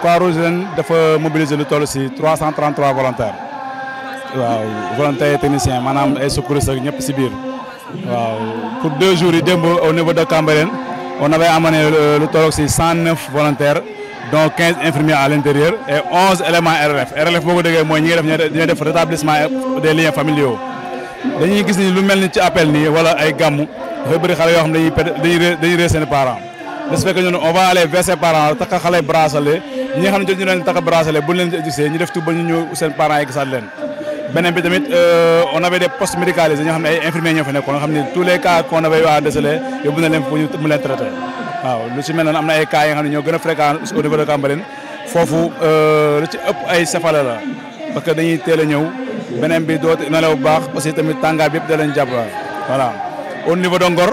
Croix-Rouge ren dafa mobiliser lu toll si 333 volontaires waaw volontaires techniciens maanaam ay secouristes ak ñëpp si biir waaw pour deux jours yi démb au niveau de Cambérène on avait amené euh, lu toll si 109 volontaires dont 15 infirmiers à l'intérieur et 11 éléments RRF RRF boo ko déggee mooy ñi ngi def ñooy def rétablissement des liens dañuy gis ni lu mel ni ci appel nii wala ay gàmmu dafay bëri xale yoo xam ne dañuy dañuy réer seen parents de ce fait que ñun on va aller vers ses parents takk xale bracelet ñi nga xam ne jot ñu leen takk bracelet bu leen gisee ñu def tout ba ñu ñëw seen parents yi gisaat leen beneen bi tamit euh, on avait des postes médicalisés ñoo xam ne ay infirmiers ñoo fa nekkoon nga xam ne tous les cas qu'on avait à déceler yóbbu na leen pour ñu mu leen traité waaw lu ci mel noonu am na ay cas yi nga xam ne ñoo gën a fréquent au niveau de Cambérène foofu euh, lu ci ëpp ay safale la parce que dañuy teel a ñëw beneen bi doo nelaw bu baax aussi tamit tàngaay bi yëpp da leen jàpp voilà au niveau de Ngor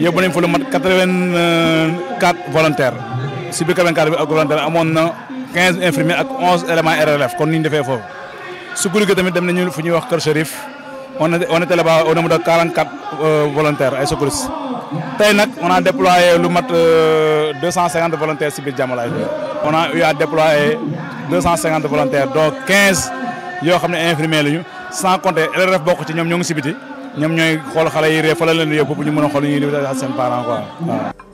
yóbbu nañ fa lu mat quatre-vingt-quatre volontaires si biir quatre-vingt-quatre bi ak volontaires amoon na quinze infirmiers ak onze éléments RRF kon ni ñu defee foofu. su guddi gi tamit dem nañu fu ñuy wax Kër Cherif on est on était là-bas au nombre quatre euh, volontaires ay secouristes tey nag on a déployé lu mat euh, deux cent cinquante volontaires si biir Diamalaye a eu à deux cent cinquante volontaires donc quinze yoo xam ne infirmiers lañu sans compter RRF bokk ci ñoom ñoo ngi si biti ñoom ñooy xool xale yi ree fa la leen yóbbu bu ñu mën a xool ñuy def seen parents quoi